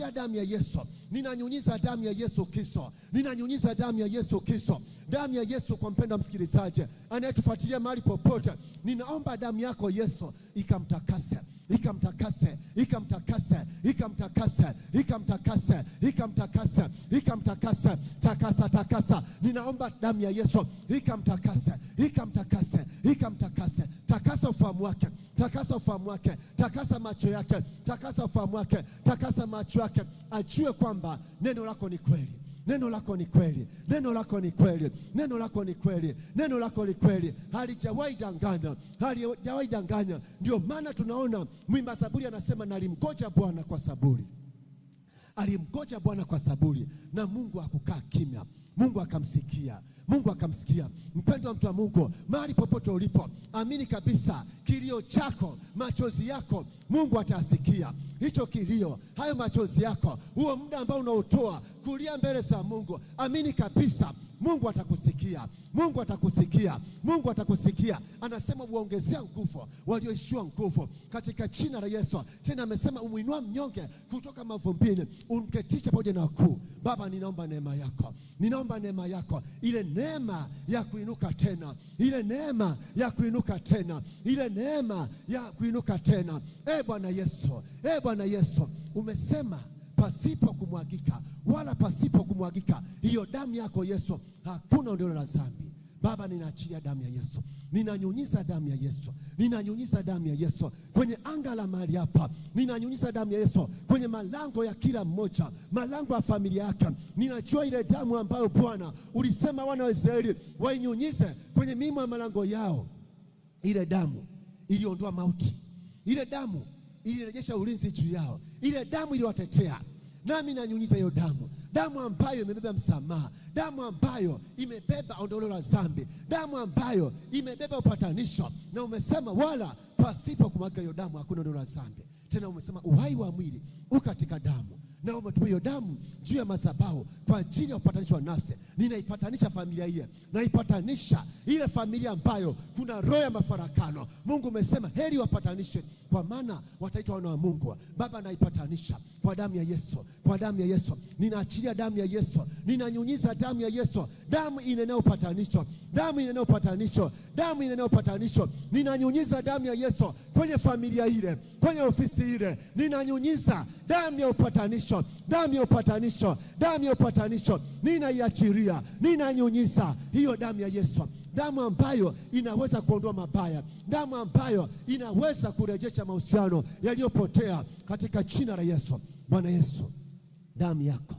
Naachilia damu ya Yesu, ninanyunyiza damu ya Yesu Kristo, ninanyunyiza damu ya Yesu Kristo, damu ya Yesu. Kwa mpendwa msikilizaji anayetufuatilia mahali popote, ninaomba damu yako Yesu ikamtakase ikamtakase ikamtakase ikamtakase ikamtakase ikamtakase ikamtakase takasa takasa. Ninaomba damu ya Yesu ikamtakase ikamtakase ikamtakase. Takasa ufahamu wake, takasa ufahamu wake, takasa macho yake, takasa ufahamu wake, takasa macho yake, ajue kwamba neno lako ni kweli. Neno lako ni kweli, neno lako ni kweli, neno lako ni kweli, neno lako ni kweli, halijawahi danganya, halijawahi danganya. Ndio maana tunaona mwimba Zaburi anasema nalimgoja Bwana kwa saburi, alimgoja Bwana kwa saburi, na Mungu akukaa kimya, Mungu akamsikia. Mungu akamsikia. Mpendo wa mtu wa Mungu, mahali popote ulipo, amini kabisa, kilio chako, machozi yako, Mungu atasikia hicho kilio, hayo machozi yako, huo muda ambao unaotoa kulia mbele za Mungu, amini kabisa Mungu atakusikia, Mungu atakusikia, Mungu atakusikia. Anasema uwaongezea nguvu walioishiwa nguvu, katika jina la Yesu. Tena amesema umwinua mnyonge kutoka mavumbini, umketisha pamoja na wakuu. Baba, ninaomba neema yako, ninaomba neema yako ile neema ya kuinuka tena, ile neema ya kuinuka tena, ile neema ya kuinuka tena. E Bwana Yesu, e Bwana Yesu, umesema pasipo kumwagika wala pasipo kumwagika hiyo damu yako Yesu, hakuna ondoleo la dhambi. Baba, ninaachilia damu ya Yesu, ninanyunyiza damu ya Yesu, ninanyunyiza damu ya Yesu kwenye anga la mahali hapa, ninanyunyiza damu ya Yesu kwenye malango ya kila mmoja, malango ya familia yake. Ninachua ile damu ambayo Bwana ulisema wana wa Israeli wainyunyize kwenye miimo ya malango yao, ile damu iliondoa mauti, ile damu ilirejesha ulinzi juu yao, ile damu iliwatetea. Nami nanyunyiza hiyo damu damu ambayo imebeba msamaha, damu ambayo imebeba ondoleo la dhambi, damu ambayo imebeba upatanisho, na umesema wala pasipo kumwaga hiyo damu hakuna ondoleo la dhambi. Tena umesema uhai wa mwili u katika damu nao umetupa hiyo damu juu ya madhabahu kwa ajili ya upatanisho wa nafsi. Ninaipatanisha familia hii, naipatanisha ile familia ambayo kuna roho ya mafarakano. Mungu umesema heri wapatanishwe kwa maana wataitwa wana wa Mungu. Baba, naipatanisha kwa damu ya Yesu, kwa damu ya Yesu ninaachilia damu ya Yesu, ninanyunyiza damu ya Yesu, damu inenea upatanisho, damu inenea upatanisho, damu inenea upatanisho. Ninanyunyiza damu ya Yesu kwenye familia ile, kwenye ofisi ile, ninanyunyiza damu ya upatanisho upatanisho, damu ya upatanisho, damu ya upatanisho, ninaiachiria, ninanyunyiza hiyo damu ya Yesu, damu ambayo inaweza kuondoa mabaya, damu ambayo inaweza kurejesha mahusiano yaliyopotea katika jina la Yesu. Bwana Yesu, damu yako,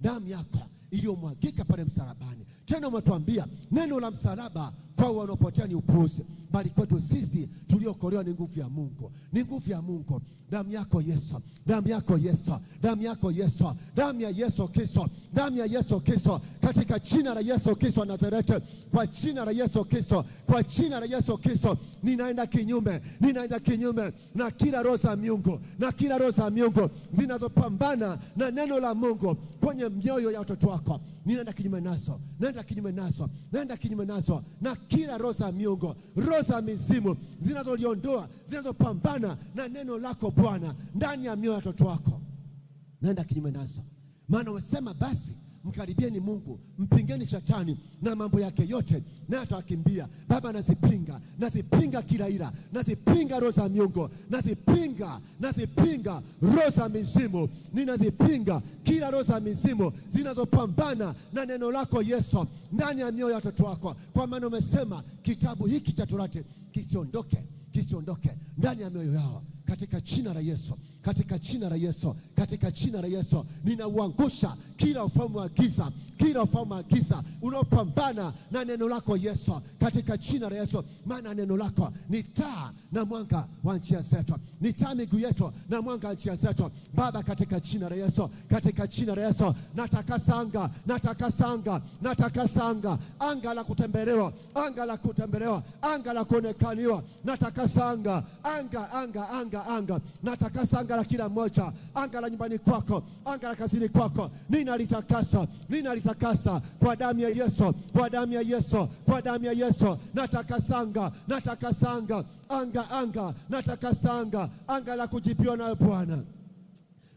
damu yako iliyomwagika pale msalabani. Tena umetuambia neno la msalaba kwao wanaopotea ni upuuzi, bali kwetu sisi tuliokolewa ni nguvu ya Mungu, ni nguvu ya Mungu. Damu yako Yesu, damu yako Yesu, damu yako Yesu, damu ya Yesu Kristo, damu ya Yesu Kristo, katika jina la Yesu Kristo wa Nazareti, kwa jina la Yesu Kristo, kwa jina la Yesu Kristo, ninaenda kinyume, ninaenda kinyume na kila roho za miungu, na kila roho za miungu zinazopambana na neno la Mungu kwenye mioyo ya watoto wako ninaenda kinyume nazo, naenda kinyume nazo, naenda kinyume nazo, na kila roho za miungu, roho za mizimu zinazoliondoa, zinazopambana na neno lako Bwana ndani ya mioyo ya watoto wako, naenda kinyume nazo. Maana wamesema basi Mkaribieni Mungu, mpingeni shetani na mambo yake yote, naye atawakimbia. Baba, nazipinga, nazipinga kila ila, nazipinga roho za miungu, nazipinga, nazipinga roho za mizimu, ninazipinga kila roho za mizimu zinazopambana na neno lako Yesu, ndani ya mioyo ya watoto wako, kwa maana umesema kitabu hiki cha Torati kisiondoke, kisiondoke ndani ya mioyo yao katika jina la Yesu katika jina la Yesu, katika jina la Yesu ninauangusha kila ufalme wa giza, kila ufalme wa giza unaopambana na neno lako Yesu, katika jina la Yesu, maana neno lako ni taa na mwanga wa njia zetu, ni taa miguu yetu na mwanga wa njia zetu. Baba, katika jina la Yesu, katika jina la Yesu natakasa anga, natakasa anga, natakasa anga, anga la kutembelewa, anga la kutembelewa, anga la kuonekaniwa, natakasa anga, anga, anga, anga, anga, natakasa anga anga la kila mmoja, anga la nyumbani kwako, anga la kazini kwako, ninalitakasa, ninalitakasa kwa damu ya Yesu, kwa damu ya Yesu, kwa damu ya Yesu. Natakasanga, natakasanga anga, anga, natakasanga anga la kujibiwa nayo Bwana.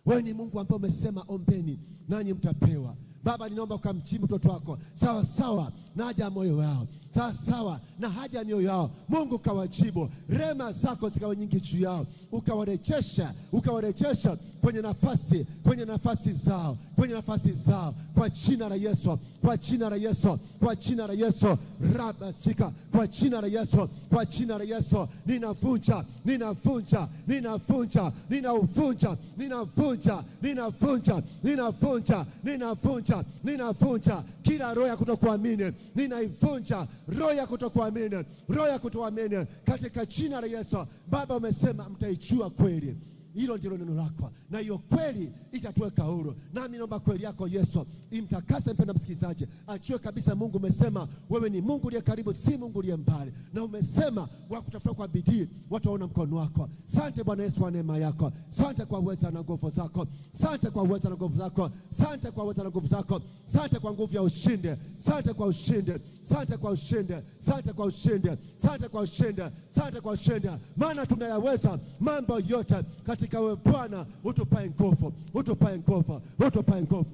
Wewe ni Mungu ambaye umesema ombeni nanyi mtapewa. Baba, ninaomba ukamjibu mtoto wako sawa sawa na haja ya moyo wao sawasawa na haja ya mioyo yao. Mungu kawajibu, rema zako zikawa nyingi juu yao, ukawarejesha ukawarejesha kwenye nafasi kwenye nafasi zao kwenye nafasi zao, kwa jina la Yesu, kwa jina la Yesu, kwa jina la Yesu, raba shika, kwa jina la Yesu, kwa jina la Yesu, ninavunja ninavunja ninavunja ninauvunja ninavunja ninavunja ninavunja ninavunja ninavunja kila roho ya kutokuamini ninaivunja, roho ya kutokuamini, roho ya kutoamini katika jina la Yesu. Baba, umesema mtaijua kweli hilo ndilo neno lako, na hiyo kweli itatuweka huru. Nami naomba kweli yako Yesu imtakase mpenda msikilizaji, achue kabisa. Mungu umesema wewe ni Mungu uliye karibu, si Mungu uliye mbali, na umesema wakutafuta kwa bidii wataona mkono wako. Sante Bwana Yesu kwa neema yako, sante kwa uweza na nguvu zako, sante kwa uweza na nguvu zako, sante kwa uweza na nguvu zako, sante kwa nguvu ya ushindi, sante kwa ushindi, sante kwa ushindi, sante kwa ushindi, sante kwa ushindi, sante kwa ushindi, maana tunayaweza mambo yote katika katika wewe Bwana, utupae nguvu, utupae nguvu, utupae nguvu.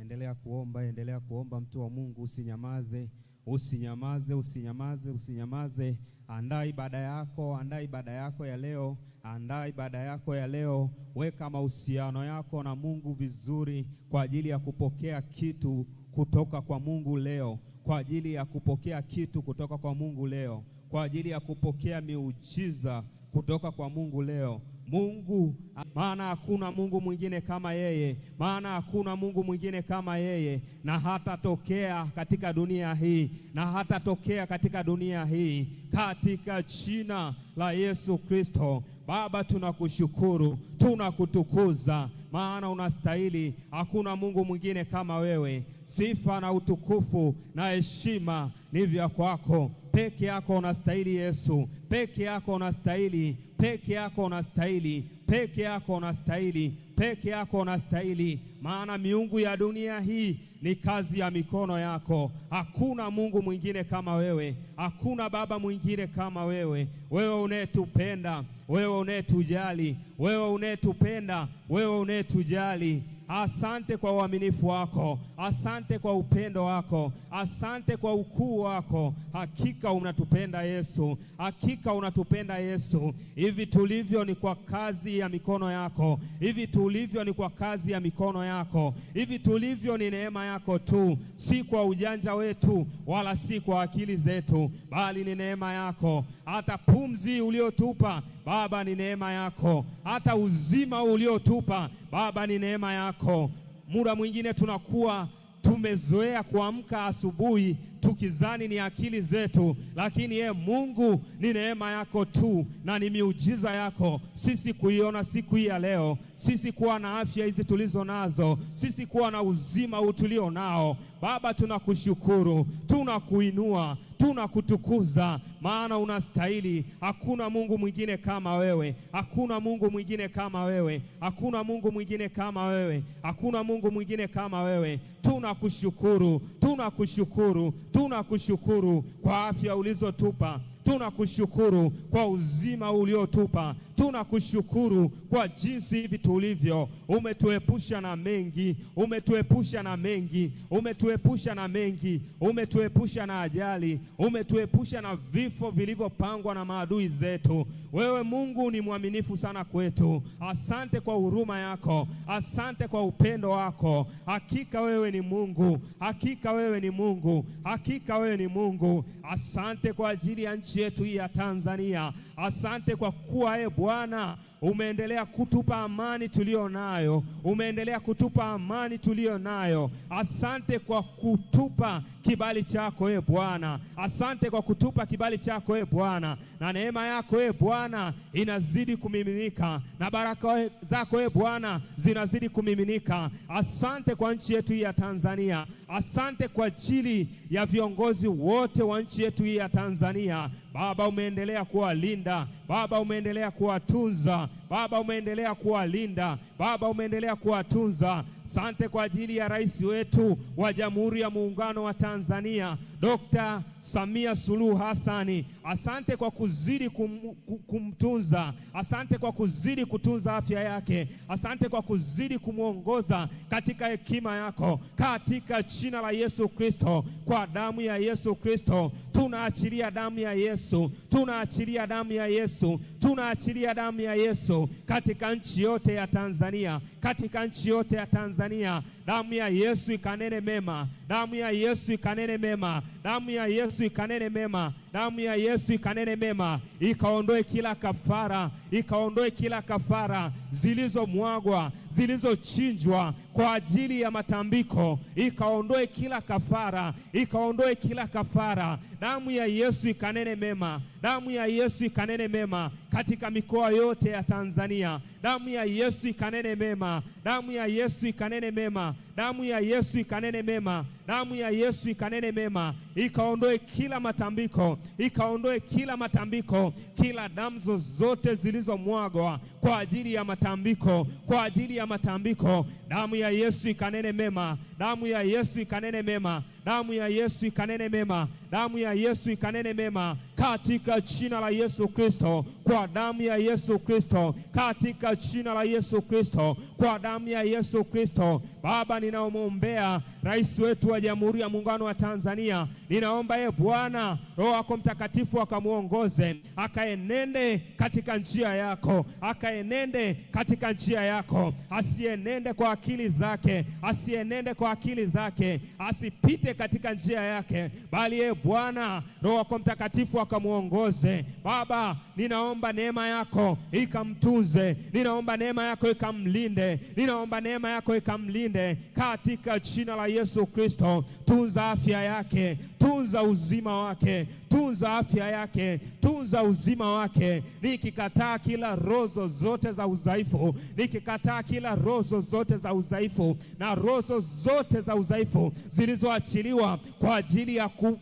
Endelea kuomba, endelea kuomba, mtu wa Mungu, usinyamaze, usinyamaze, usinyamaze, usinyamaze. Andaa ibada yako, andaa ibada yako ya leo, andaa ibada yako ya leo. Weka mahusiano yako na Mungu vizuri kwa ajili ya kupokea kitu kutoka kwa Mungu leo, kwa ajili ya kupokea kitu kutoka kwa Mungu leo, kwa ajili ya kupokea miujiza kutoka kwa Mungu leo. Mungu maana hakuna Mungu mwingine kama yeye, maana hakuna Mungu mwingine kama yeye, na hatatokea katika dunia hii, na hatatokea katika dunia hii, katika jina la Yesu Kristo. Baba, tunakushukuru, tunakutukuza, maana unastahili. Hakuna Mungu mwingine kama wewe. Sifa na utukufu na heshima ni vya kwako peke yako, unastahili Yesu, peke yako unastahili peke yako unastahili, peke yako unastahili, peke yako unastahili, maana miungu ya dunia hii ni kazi ya mikono yako. Hakuna Mungu mwingine kama wewe, hakuna Baba mwingine kama wewe, wewe unayetupenda, wewe unayetujali, wewe unayetupenda, wewe unayetujali Asante kwa uaminifu wako, asante kwa upendo wako, asante kwa ukuu wako. Hakika unatupenda Yesu, hakika unatupenda Yesu. Hivi tulivyo ni kwa kazi ya mikono yako, hivi tulivyo ni kwa kazi ya mikono yako, hivi tulivyo ni neema yako tu, si kwa ujanja wetu wala si kwa akili zetu, bali ni neema yako. Hata pumzi uliotupa Baba ni neema yako, hata uzima uliotupa Baba, ni neema yako. Muda mwingine tunakuwa tumezoea kuamka asubuhi tukizani ni akili zetu, lakini ye ee Mungu ni neema yako tu na ni miujiza yako sisi kuiona siku hii ya leo, sisi kuwa na afya hizi tulizo nazo, sisi kuwa na uzima huu tulio nao. Baba, tunakushukuru, tunakuinua tunakutukuza maana unastahili. Hakuna Mungu mwingine kama wewe, hakuna Mungu mwingine kama wewe, hakuna Mungu mwingine kama wewe, hakuna Mungu mwingine kama wewe. Tunakushukuru. Tunakushukuru, tunakushukuru kwa afya ulizotupa, tunakushukuru kwa uzima uliotupa, tunakushukuru kwa jinsi hivi tulivyo. Umetuepusha na mengi, umetuepusha na mengi, umetuepusha na mengi, umetuepusha na ajali, umetuepusha na vifo vilivyopangwa na maadui zetu. Wewe Mungu ni mwaminifu sana kwetu. Asante kwa huruma yako, asante kwa upendo wako. Hakika wewe ni Mungu, hakika wewe ni Mungu, hakika wewe ni Mungu. Asante kwa ajili ya nchi yetu hii ya Tanzania. Asante kwa kuwa e Bwana Umeendelea kutupa amani tuliyo nayo, umeendelea kutupa amani tuliyo nayo. Asante kwa kutupa kibali chako e Bwana, asante kwa kutupa kibali chako e Bwana, na neema yako e Bwana inazidi kumiminika na baraka zako e Bwana zinazidi kumiminika. Asante kwa nchi yetu hii ya Tanzania, asante kwa ajili ya viongozi wote wa nchi yetu hii ya Tanzania Baba, umeendelea kuwalinda Baba, umeendelea kuwatunza Baba, umeendelea kuwalinda Baba, umeendelea kuwatunza. Sante kwa ajili ya rais wetu wa Jamhuri ya Muungano wa Tanzania Dr. Samia Suluhu Hassani, asante kwa kuzidi kum, kumtunza, asante kwa kuzidi kutunza afya yake, asante kwa kuzidi kumwongoza katika hekima yako, katika jina la Yesu Kristo, kwa damu ya Yesu Kristo tunaachilia damu ya Yesu, tunaachilia damu ya Yesu, tunaachilia damu ya Yesu katika nchi yote ya Tanzania, katika nchi yote ya Tanzania. Damu ya Yesu ikanene mema, damu ya Yesu ikanene mema, damu ya Yesu ikanene mema, damu ya Yesu ikanene mema, ikaondoe kila kafara, ikaondoe kila kafara zilizomwagwa, zilizochinjwa kwa ajili ya matambiko, ikaondoe kila kafara, ikaondoe kila kafara. Damu ya Yesu ikanene mema, damu ya Yesu ikanene mema katika mikoa yote ya Tanzania. Damu ya Yesu ikanene mema, damu ya Yesu ikanene mema, damu ya Yesu ikanene mema, damu ya Yesu ikanene mema, ikaondoe kila matambiko, ikaondoe kila matambiko, kila damu zozote zilizomwagwa kwa ajili ya matambiko, kwa ajili ya matambiko, damu ya Yesu ikanene mema, damu ya Yesu ikanene mema. Damu ya Yesu ikanene mema, damu ya Yesu ikanene mema katika jina la Yesu Kristo, kwa damu ya Yesu Kristo, katika jina la Yesu Kristo, kwa damu ya Yesu Kristo. Baba, ninaomwombea rais wetu wa Jamhuri ya Muungano wa Tanzania, ninaomba ye ee Bwana, Roho yako Mtakatifu akamwongoze akaenende katika njia yako, akaenende katika njia yako, asienende kwa akili zake, asienende kwa akili zake, asipite katika njia yake, bali e Bwana, Roho wako Mtakatifu akamwongoze. Baba, ninaomba neema yako ikamtunze, ninaomba neema yako ikamlinde, ninaomba neema yako ikamlinde katika jina la Yesu Kristo. Tunza afya yake tunza uzima wake, tunza afya yake, tunza uzima wake. Nikikataa kila roho zote za udhaifu, nikikataa kila roho zote za udhaifu na roho zote za udhaifu zilizoachiliwa kwa ajili ya ku,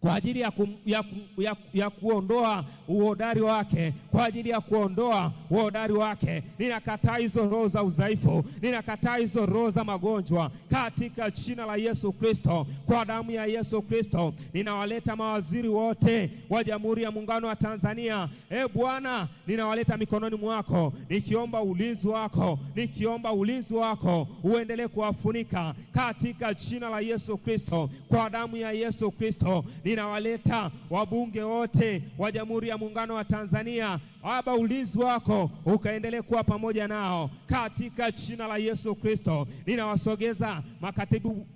kwa ajili ya, ku, ya, ku, ya, ya kuondoa uhodari wake kwa ajili ya kuondoa uhodari wake. Ninakataa hizo roho za udhaifu, ninakataa hizo roho za magonjwa katika jina la Yesu Kristo. Kwa damu ya Yesu Kristo ninawaleta mawaziri wote wa Jamhuri ya Muungano wa Tanzania. E Bwana, ninawaleta mikononi mwako, nikiomba ulinzi wako, nikiomba ulinzi wako uendelee kuwafunika katika jina la Yesu Kristo. Kwa damu ya Yesu Kristo ninawaleta wabunge wote wa Jamhuri ya Muungano wa Tanzania. Baba, ulinzi wako ukaendelee kuwa pamoja nao katika jina la Yesu Kristo. Ninawasogeza makatibu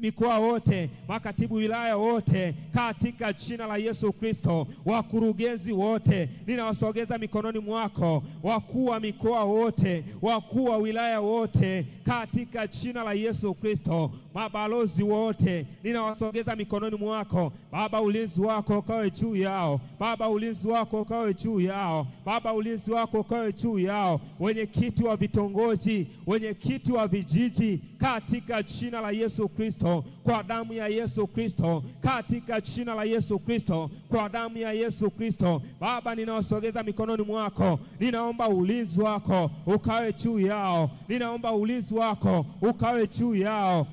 mikoa wote, makatibu wilaya wote, katika jina la Yesu Kristo, wakurugenzi wote ninawasogeza mikononi mwako, wakuu wa mikoa wote, wakuu wa wilaya wote, katika jina la Yesu Kristo, mabalozi wote ninawasogeza mikononi mwako Baba, ulinzi wako ukawe juu yao Baba, ulinzi wako ukawe juu yao Baba, ulinzi wako ukawe juu yao, wenyekiti wa vitongoji, wenyekiti wa vijiji, katika jina la Yesu Kristo. Kristo, kwa damu ya Yesu Kristo, katika jina la Yesu Kristo, kwa damu ya Yesu Kristo. Baba, ninawasogeza mikononi mwako, ninaomba ulinzi wako ukawe juu yao, ninaomba ulinzi wako ukawe juu yao,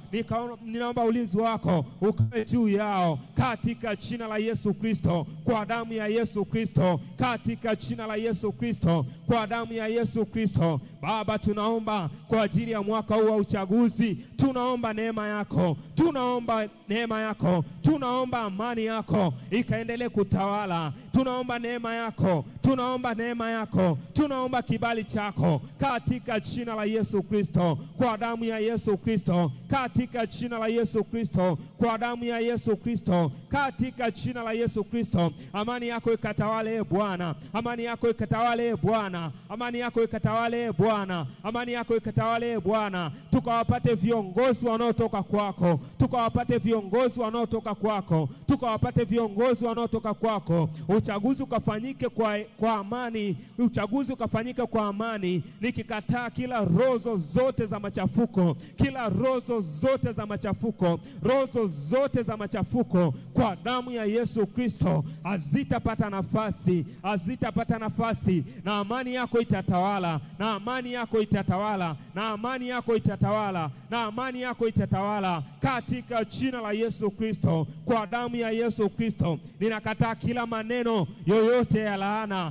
ninaomba ulinzi wako ukawe juu yao, katika jina la Yesu Kristo, kwa damu ya Yesu Kristo, katika jina la Yesu Kristo, kwa damu ya Yesu Kristo. Baba, tunaomba kwa ajili ya mwaka huu wa uchaguzi, tunaomba neema yako, Tunaomba neema yako, tunaomba amani yako ikaendelee kutawala, tunaomba neema yako tunaomba neema yako, tunaomba kibali chako katika jina la Yesu Kristo, kwa damu ya Yesu Kristo, katika jina la Yesu Kristo, kwa damu ya Yesu Kristo, katika jina la Yesu Kristo. Amani yako ikatawale, e Bwana, amani yako ikatawale, e Bwana, amani yako ikatawale, e Bwana, amani yako ikatawale, e Bwana. Tukawapate viongozi wanaotoka kwako, tukawapate viongozi wanaotoka kwako, tukawapate viongozi wanaotoka kwako, uchaguzi ukafanyike kwa kwa amani, uchaguzi ukafanyika kwa amani, nikikataa kila rozo zote za machafuko, kila rozo zote za machafuko, rozo zote za machafuko kwa damu ya Yesu Kristo hazitapata nafasi, hazitapata nafasi, na amani yako itatawala, na amani yako itatawala, na amani yako itatawala, na amani yako itatawala katika jina la Yesu Kristo, kwa damu ya Yesu Kristo ninakataa kila maneno yoyote ya laana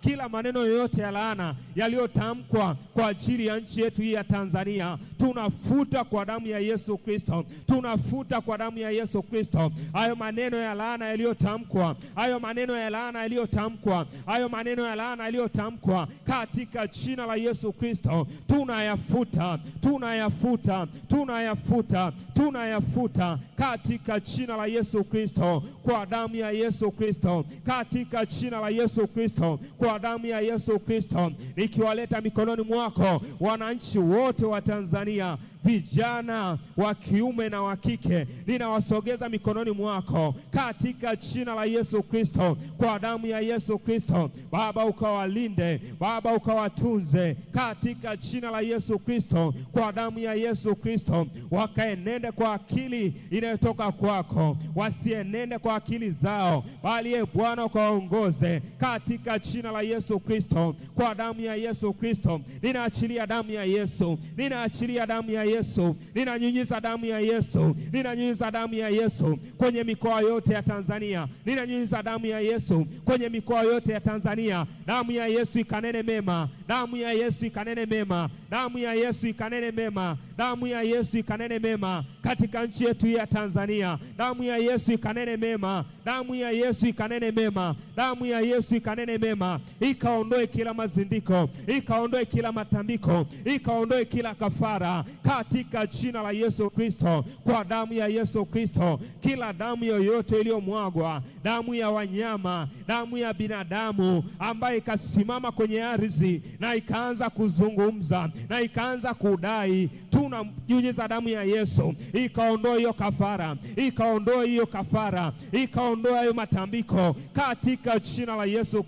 kila maneno yoyote ya laana yaliyotamkwa kwa ajili ya nchi yetu hii ya Tanzania tunafuta kwa damu ya Yesu Kristo, tunafuta kwa damu ya Yesu Kristo hayo maneno ya laana yaliyotamkwa, hayo maneno ya laana yaliyotamkwa, hayo maneno ya laana yaliyotamkwa katika jina la Yesu Kristo, tunayafuta, tunayafuta, tunayafuta, tunayafuta katika jina la Yesu Kristo, kwa damu ya Yesu Kristo, katika jina la Yesu Kristo kwa kwa damu ya Yesu Kristo, nikiwaleta mikononi mwako wananchi wote wa Tanzania vijana wa kiume na wa kike, ninawasogeza mikononi mwako katika jina la Yesu Kristo, kwa damu ya Yesu Kristo. Baba ukawalinde, Baba ukawatunze katika jina la Yesu Kristo, kwa damu ya Yesu Kristo. Wakaenende kwa akili inayotoka kwako, wasienende kwa akili zao, bali e Bwana ukawaongoze katika jina la Yesu Kristo, kwa damu ya Yesu Kristo. Ninaachilia damu ya Yesu, ninaachilia damu ya Yesu, ninanyunyiza damu ya Yesu, ninanyunyiza damu ya Yesu kwenye mikoa yote ya Tanzania, ninanyunyiza damu ya Yesu kwenye mikoa yote ya Tanzania. Damu ya Yesu ikanene mema Damu ya Yesu ikanene mema, damu ya Yesu ikanene mema, damu ya Yesu ikanene mema katika nchi yetu ya Tanzania. Damu ya Yesu ikanene mema, damu ya Yesu ikanene mema, damu ya Yesu ikanene mema, ikaondoe kila mazindiko, ikaondoe kila matambiko, ikaondoe kila kafara katika jina la Yesu Kristo, kwa damu ya Yesu Kristo, kila damu yoyote iliyomwagwa, damu ya wanyama, damu ya binadamu ambayo ikasimama kwenye ardhi na ikaanza kuzungumza na ikaanza kudai, tunajiujiza damu ya Yesu ikaondoa hiyo kafara, ikaondoa hiyo kafara, ikaondoa hayo matambiko katika jina la Yesu Kristo.